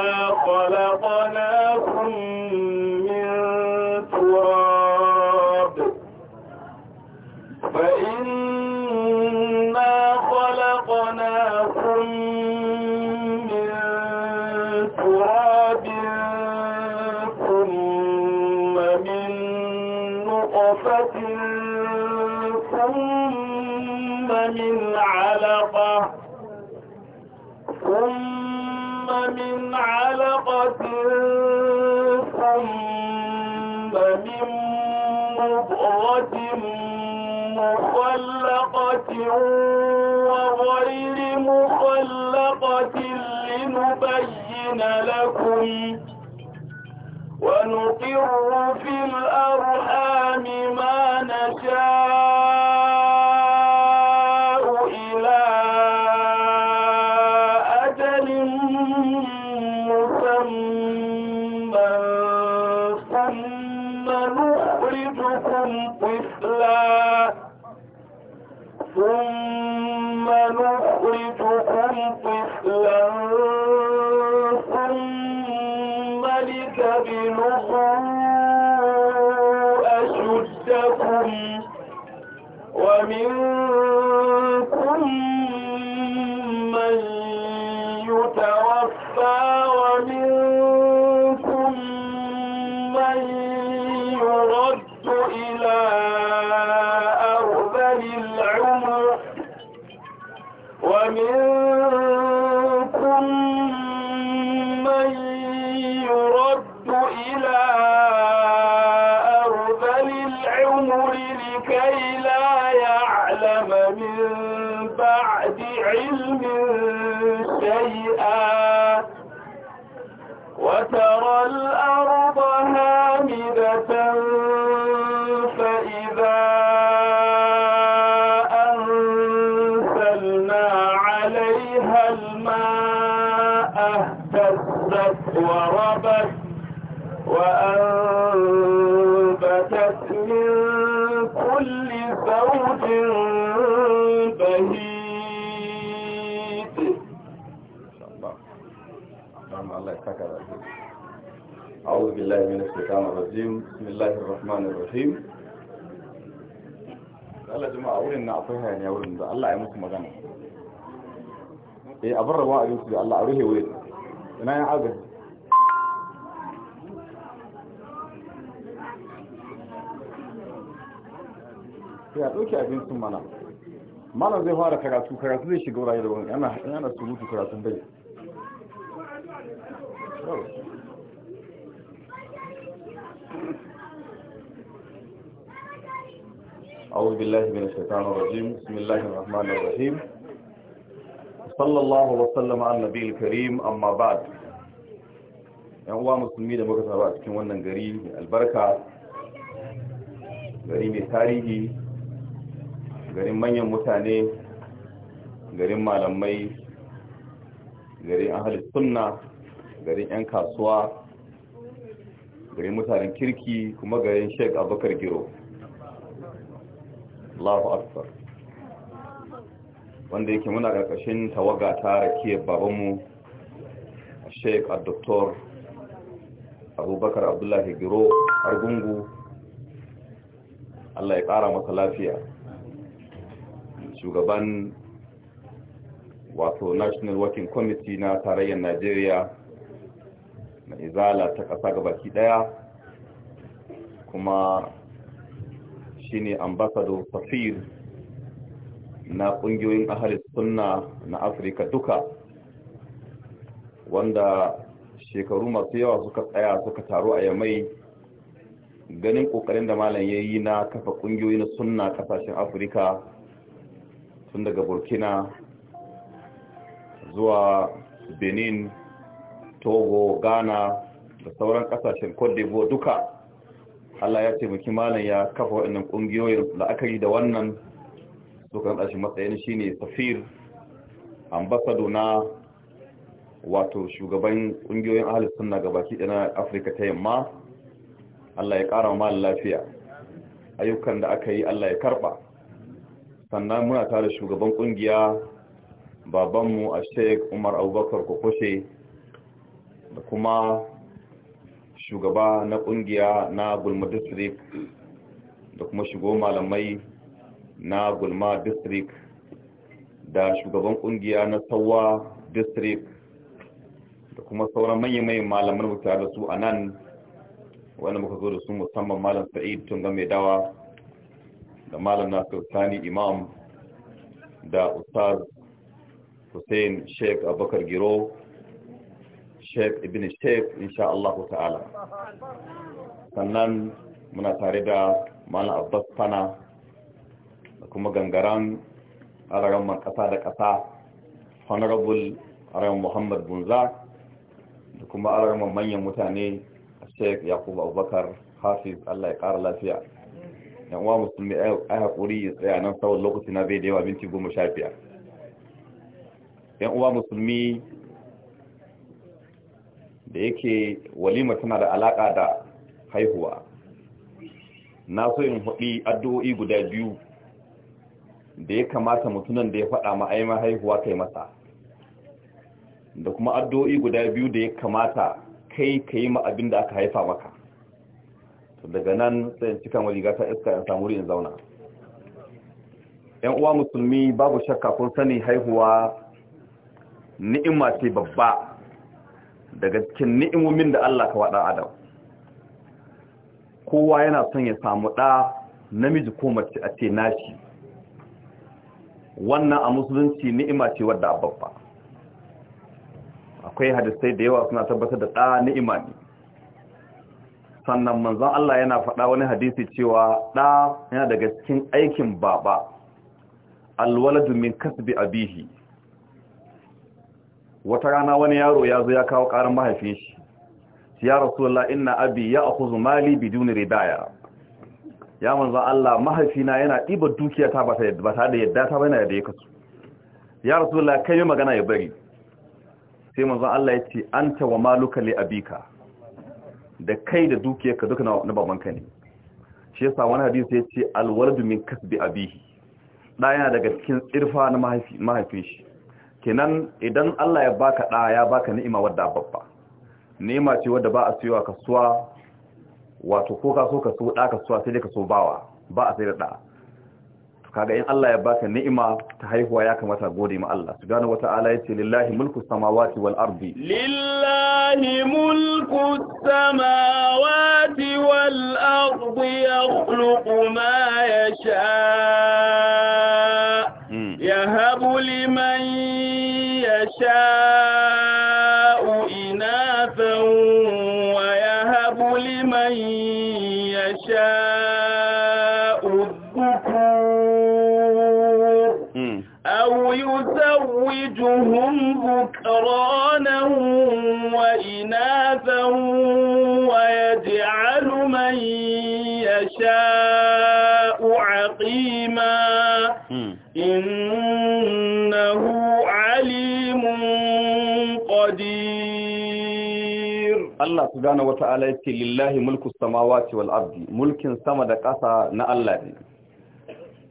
ما خلقناكم مخلقة وغير مخلقة لنبين لكم ونقر في الأرحام ما نشاء ثم نخرجكم أعوذ بالله من الشيطان الرجيم بسم الله الرحمن الرحيم قال يا جماعة أقول إن أعطيها يعني أقول إن الله يموت مجانا إيه أبرر واحد يوسف الله أريه ويد أنا يا عابد يا أقول كيف ينسون مانا مانا زي هارا كراتو كراتو ليش يقول رأي دوني أنا أنا سلوتي كراتو بي Oh, أعوذ بالله من الشيطان الرجيم بسم الله الرحمن الرحيم صلى الله وسلم على النبي الكريم أما بعد yan uwa musulmi da muka saba a cikin wannan gari mai albarka gari mai tarihi garin manyan mutane garin malamai garin ahalis sunna garin 'yan kasuwa garin mutanen kirki kuma garin sheik abubakar giro Allahu akbar wanda yake muna ƙarƙashin tawaga ta rakiyar babanmu Sheikh Dr. Abubakar Abdullahi Giro Argungu Allah ya ƙara maka lafiya shugaban wato National Working Committee na tarayyar Najeriya na izala ta ƙasa gabaki ɗaya kuma shine ambassador safir na kungiyoyin ahalis sunna na afirka duka wanda shekaru masu yawa suka tsaya suka taru a yamai ganin kokarin da malam ya yi na kafa kungiyoyi na sunna kasashen afirka tun daga burkina zuwa benin togo ghana da sauran kasashen cote d'ivoire duka Allah ya ce taimaki malam ya kafa waɗannan ƙungiyoyin la'akari da wannan sukan dashi matsayin shi ne safir ambassador na wato shugaban ƙungiyoyin ahli suna gabaki ɗaya na afirka ta yamma Allah ya ƙara malam lafiya ayyukan da aka yi Allah ya karɓa sannan muna tare shugaban ƙungiya babanmu a Sheikh umar abubakar kokoshe da kuma shugaba na kungiya na gulma district da kuma shigo malamai na gulma district da shugaban kungiya na sawa district da kuma sauran manya-manyan malaman wuta da su a nan wanda muka zo da su musamman malam sa'id tunga mai dawa da malam na sani imam da ustaz hussein sheik abubakar giro Sheikh Ibn Sheikh insha Allah ta'ala sannan muna tare da Malam Abbas Fana da kuma gangaran araran kasa da kasa Honorable Arayan Muhammad Bunza da kuma arayan manyan mutane Sheikh Yakubu Abubakar Hafiz Allah ya ƙara lafiya yan uwa musulmi ai hakuri ya tsaya nan tsawon lokaci na bai da yawa minti goma sha biyar yan uwa musulmi da yake walima tana da alaka da haihuwa na so in haɗi addu'o'i guda biyu da ya kamata mutunan da ya faɗa ma'aimar haihuwa kai masa da kuma addu'o'i guda biyu da ya kamata kai ka yi abin da aka haifa maka daga nan sai cikin waliga ta iska in samu in zauna ‘yan uwa musulmi babu shakka kun sani haihuwa ni'ima ce babba daga cikin ni'imomin da Allah ka waɗa adam kowa yana son ya samu ɗa namiji ko mace a ce nashi wannan a musulunci ni'ima ce wadda babba akwai hadisai da yawa suna tabbatar da ɗa ni'ima ne sannan manzon Allah yana faɗa wani hadisi cewa ɗa yana daga cikin aikin baba alwaladu min kasbi abihi wata rana wani yaro ya zo ya kawo karin mahaifin shi ya rasulullah inna abi ya akhuzu mali biduni ridaya ya manzo Allah mahaifina yana diba dukiya ta ba ta da yadda ta bana da ya kasu. ya rasulullah kai yi magana ya bari sai manzo Allah ya ce anta wa maluka li abika da kai da ka duka na babanka ne shi yasa wani hadisi ya ce alwaladu min kasbi abihi da yana daga cikin tsirfa na mahaifin shi kenan idan Allah ya baka ɗa ya baka ni'ima wadda babba ni'ima ce wadda ba a siyowa kasuwa wato ko kaso so ɗa kasuwa sai dai so bawa ba a sai da ɗa kaga in Allah ya baka ni'ima ta haihuwa ya kamata gode ma Allah subhanahu wata'ala yace lillahi mulku samawati wal ardi lillahi mulku samawati wal ardi yakhluqu ma يزوجهم ذكرانا وإناثا ويجعل من يشاء عقيما إنه عليم قدير الله سبحانه وتعالى يتي لله ملك السماوات والأرض ملك سمد قصى نألا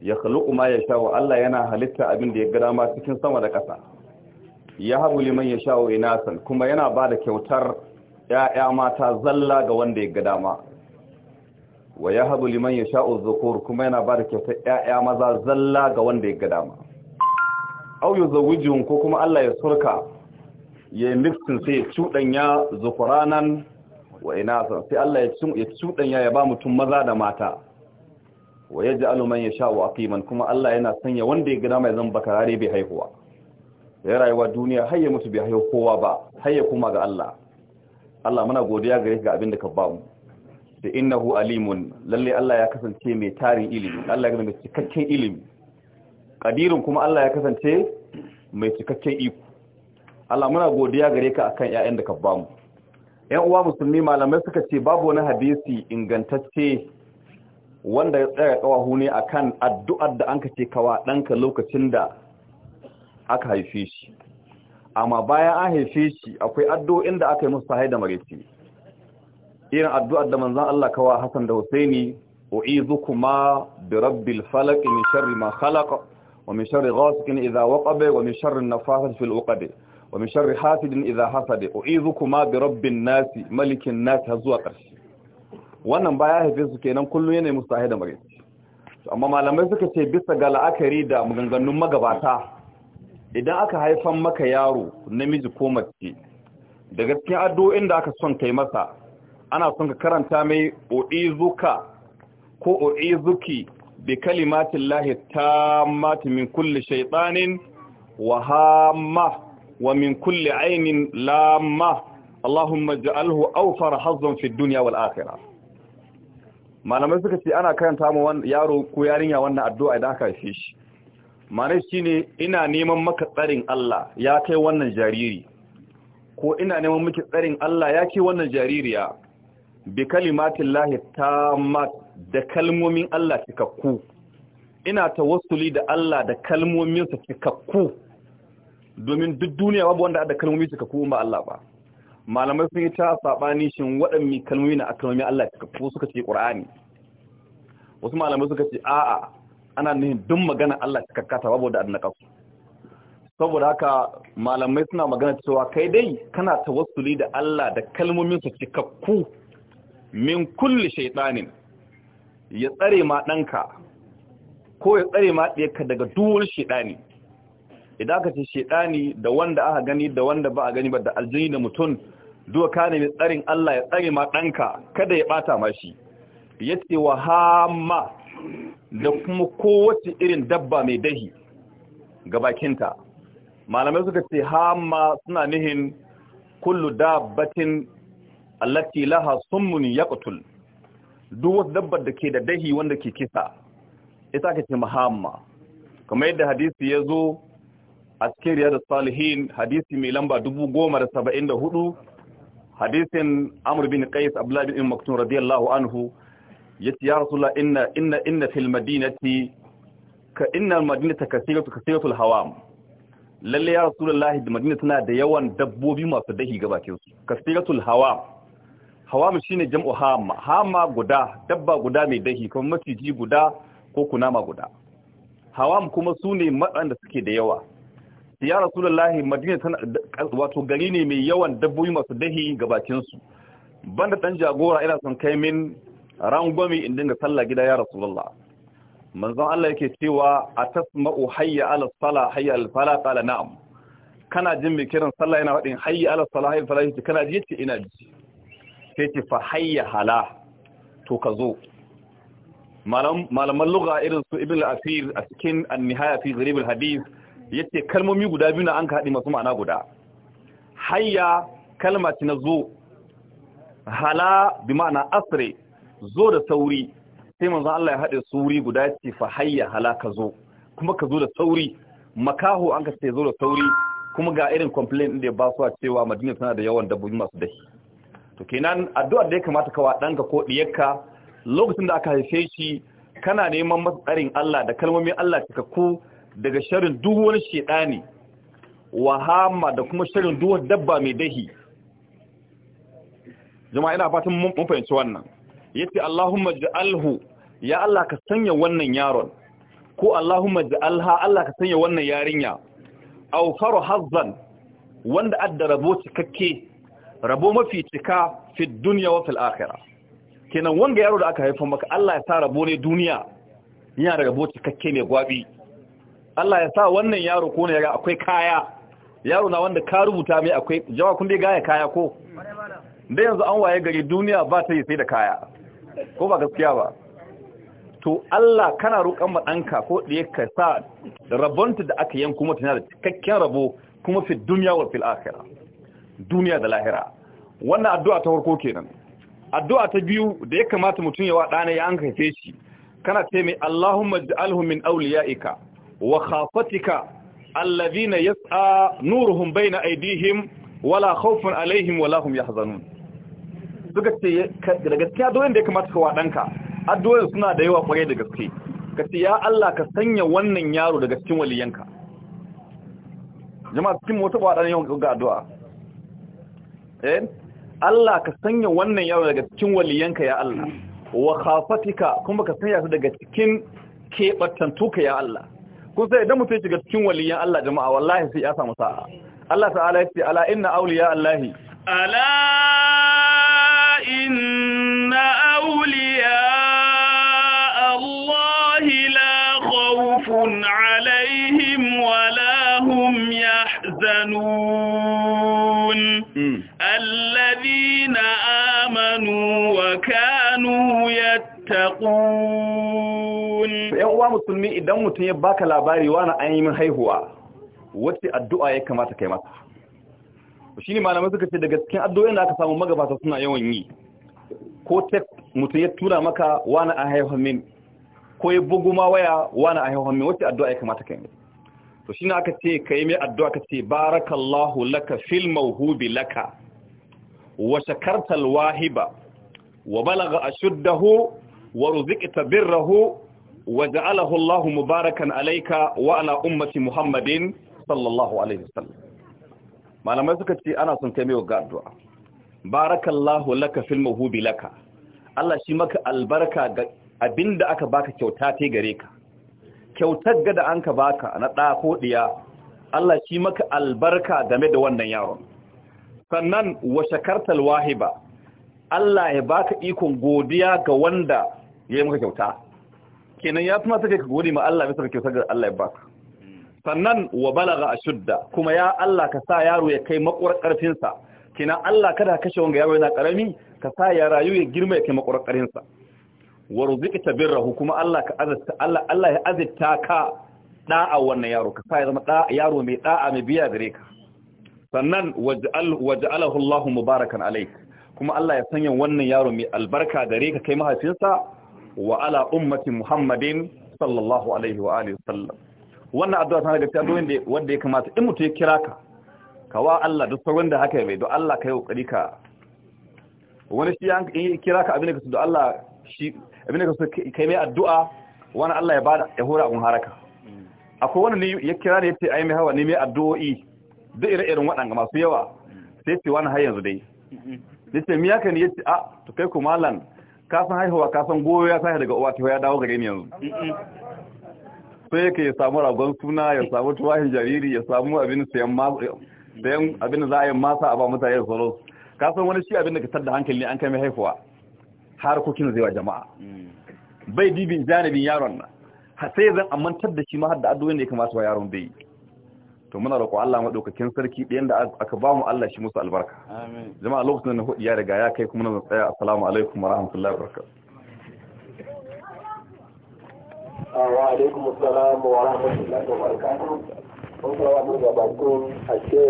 ya khaluqu ma wa Allah yana halitta abin da ya ga dama cikin sama da ƙasa ya habu liman wa inasan kuma yana ba da kyautar ya'ya mata zalla ga wanda ya ga dama wa ya habu liman yasha'u dhukur kuma yana ba da kyautar ya'ya maza zalla ga wanda ya ga dama aw yuzawwijuhum ko kuma Allah ya surka ya yi mixin sai ya cuɗanya zukuranan wa inasan sai Allah ya cuɗanya ya ba mutum maza da mata wa ya sha wa aqiman kuma Allah yana sanya wanda ya gina mai zan bakarare bai haihuwa ya rayuwa duniya har ya mutu bai haihu kowa ba har ya kuma ga Allah Allah muna godiya gare ga abin da ka ba mu da innahu alimun lalle Allah ya kasance mai tarin ilimi Allah ya mai cikakken ilimi qadirun kuma Allah ya kasance mai cikakken iko Allah muna godiya gare ka akan ƴaƴan da ka ba mu ƴan uwa musulmi malamai suka ce babu wani hadisi ingantacce wanda ya tsaya kawahu ne kan addu'ar da anka ce kawa ɗanka lokacin da aka haife shi amma bayan an haife shi akwai addu'o'in da aka yi musu sahai da mareci irin addu'ar da manzan Allah kawa hasan da Husaini kuma bi rabbil falaq min sharri ma khalaq wa min sharri ghasiqin idha waqaba wa min sharri nafathati fil 'uqad wa min sharri hasidin hasade hasad kuma bi rabbin nasi malikin nasi zuwa ƙarshe wannan baya haife su kenan kullum yana musu tahe da mare amma malamai suka ce bisa ga la'akari da maganganun magabata idan aka haifan maka yaro namiji ko mace da gaskiyar addu'o'in da aka son kai masa ana son ka karanta mai o'izuka ko o'izuki bi kalimatin lahi ta mati min kulle shaiɗanin wa hama wa min kulle ainin lama Allahumma ja'alhu awfar hazzan fi dunya wal akhirah malamai suka ce ana karanta mu yaro ko yarinya wannan addu'a idan aka haife shi shi shine ina neman maka tsarin Allah ya kai wannan jariri ko ina neman miki tsarin Allah ya kai wannan jaririya bi kalimatin lahi ma da kalmomin Allah cikakku ina tawassuli da Allah da kalmominsa cikakku domin duk duniya babu wanda da kalmomin cikakku ba Allah ba malamai sun yi ta saɓani shin waɗanne kalmomi na akalmomi Allah suka ko suka ce ƙur'ani wasu malamai suka ce a'a ana nufin duk magana Allah suka kata babu da annaka su saboda haka malamai suna magana cewa kai dai kana tawassuli da Allah da kalmomin su cikakku min kulli shaytanin ya tsare ma ɗanka ko ya tsare ma ɗiyarka daga duwar shaytani idan aka ce shedani da wanda aka gani da wanda ba a gani ba da aljini da mutum duwa ka nemi tsarin Allah ya tsare ma ɗanka kada ya ɓata ma shi ya ce wa hama da kuma kowace irin dabba mai dahi ga bakinta malamai suka ce hama suna nihin kullu dabbatin allati laha summun yaqtul duk wata dabbar da ke da dahi wanda ke kisa ita ka ce mahamma kamar yadda hadisi ya zo askeri da riyar salihin hadisi mai lamba dubu goma da saba'in da hudu hadisin amur bin qais abdullahi bin maktun radiyallahu anhu yace ya rasulullah inna inna inna fil madinati ka inna al madinata kasiratu kasiratu al hawam lalle ya rasulullah da madina tana da yawan dabbobi masu dahi bakin su kasiratu al hawam hawam shine jam'u hama hama guda dabba guda mai dahi kamar maciji guda ko kunama guda hawam kuma su ne da suke da yawa ya rasulullahi madina tana wato gari ne mai yawan dabbobi masu dahi ga bakin su banda dan jagora ina son kai min rangwami in dinga sallah gida ya rasulullah manzon Allah yake cewa atasma'u hayya ala sala hayya al fala qala na'am kana jin mai kiran sallah yana wadin hayya ala sala hayya al fala kana ji yace ina ji sai ce fa hayya hala to ka zo Malam malaman lugha irin su ibn al-asir a cikin an-nihaya fi gharib al-hadith yace kalmomi guda biyu na an ka masu ma'ana guda hayya kalma ce na zo hala bi ma'ana asre zo da sauri sai manzo Allah ya haɗe sauri guda ce fa hayya hala ka zo kuma ka zo da sauri makaho an ka ce zo da sauri kuma ga irin complain din da ba su a cewa Madina tana da yawan dabbobi masu dahi to kenan addu'ar da ya kamata ka wa ko diyarka lokacin da aka haife shi kana neman matsarin Allah da kalmomin Allah cikakku daga sharin duk wani shedani wahama da kuma sharin duk wani dabba mai dahi jama'a ina fatan mun fahimci wannan yace Allahumma ja'alhu ya Allah ka sanya wannan yaron ko Allahumma ja'alha Allah ka sanya wannan yarinya aw faru hazzan wanda adda rabo cikakke rabo mafi cika fi dunya wa fil akhirah kenan wanga yaro da aka haifa maka Allah ya sa rabo ne duniya yana da rabo cikakke ne gwabi Allah ya sa wannan yaro ko ne ga akwai kaya yaro na wanda ka rubuta mai akwai jawa kun dai gaya kaya ko da yanzu an waye gari duniya ba ta yi sai da kaya ko ba gaskiya ba to Allah kana roƙon ma ɗanka ko da ka sa rabonta da aka yanku mutuna tana da cikakken rabo kuma fi duniya wa fil akhirah duniya da lahira wannan addu'a ta farko kenan addu'a ta biyu da ya kamata mutum ya wa ɗana ya an haife shi kana ce mai Allahumma ij'alhum min awliyaika wa khafatika alladhina yas'a nuruhum bayna aydihim wala khawfun alayhim wala hum yahzanun duk ce da gaskiya duk wanda ya kamata ka wadanka addu'o'in suna da yawa kwarai da gaske kace ya Allah ka sanya wannan yaro daga cikin waliyanka jama'a cikin wata wadan yawan ga addu'a eh Allah ka sanya wannan yaro daga cikin waliyanka ya Allah wa khafatika kuma ka sanya su daga cikin kebattantuka ya Allah kun sai idan mutum shiga cikin waliyan Allah jama'a wallahi sai ya samu sa'a Allah ta'ala ya ce ala inna awliya Allahi ala inna awliya Allahi la khawfun alaihim wala hum yahzanun hmm. alladhina musulmi idan mutum ya baka labari wani an yi min haihuwa wacce addu'a ya kamata kai masa shi ne malamai suka ce daga cikin addu'o'in da aka samu magabata suna yawan yi ko tek mutum ya tura maka wani an haihuwa min ko ya bugu ma waya wani an haihuwa min wacce addu'a ya kamata kai to shi ne aka ce ka yi mai addu'a ka ce barakallahu laka fil mawhubi laka wa shakartal wahiba wa balaga ashuddahu wa ruzikta birrahu waja'alahu Allahu mubarakan alayka wa ala ummati Muhammadin sallallahu alaihi wasallam malamai suka ce ana son kai mai wa addu'a barakallahu laka fil mahubi laka Allah shi maka albarka ga abinda aka baka kyauta te gare ka kyautar ga da an ka baka na ɗako ko ɗiya Allah shi maka albarka game da wannan yaron sannan wa shakartal wahiba Allah ya baka ikon godiya ga wanda ya yi maka kyauta kenan ya tuma take ka gode ma Allah bisa kyautar da Allah ya baka sannan wa balaga ashudda kuma ya Allah ka sa yaro ya kai makwar karfin sa kenan Allah kada kashe wanga yaro yana karami ka sa ya rayu ya girma ya kai makwar karfin sa wa ruzqita kuma Allah ka azata Allah Allah ya azita ka da'a wannan yaro ka sa ya zama da'a yaro mai da'a mai biya gare ka sannan waj'al waj'alahu Allahu mubarakan alayk kuma Allah ya sanya wannan yaro mai albarka gare ka kai mahaifinsa wa ala ummati muhammadin sallallahu alaihi wa alihi sallam wannan addu'a tana daga cikin addu'o'in da wanda ya kamata in mutum ya kira ka Ka wa Allah duk sauran da haka mai don Allah ka yi kokari ka wani shi an kira ka abin da ka su da Allah shi abin da ka su kai mai addu'a wani Allah ya bada ya hura abun haraka akwai wani ne ya kira ne yace ai mai hawa ne mai addu'o'i duk ire-iren waɗanda masu yawa sai ce wani har yanzu dai mm-hmm. yace miya ka ne yace a ah, to kai ku malam ka san haihuwa ka san goyo ya sahi daga uwa ta ya dawo gare ni yanzu sai yake ya samu ragon suna ya samu tuwahin jariri ya samu abin sayan sayan abin da za a yi masa a ba mutane da sauransu ka san wani shi abin da ka tada hankali ne an kai mai haihuwa har harkokin zai wa jama'a mm. bai dibin janibin yaron nan sai zan amantar da shi ma har da addu'o'in da ya kamata wa yaron bai to muna roƙo Allah madaukakin sarki ɗayan da aka ba mu Allah shi musu albarka amin jama'a lokacin da hudu ya riga ya kai kuma na tsaya assalamu alaikum wa rahmatullahi wa barakatuh wa alaikum assalam wa rahmatullahi wa barakatuh kun kawo mu ga bakon ashe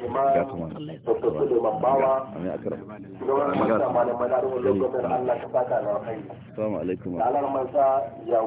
imam dr suleiman bawa don malamai na ruwan lokacin Allah ta saka na kai ya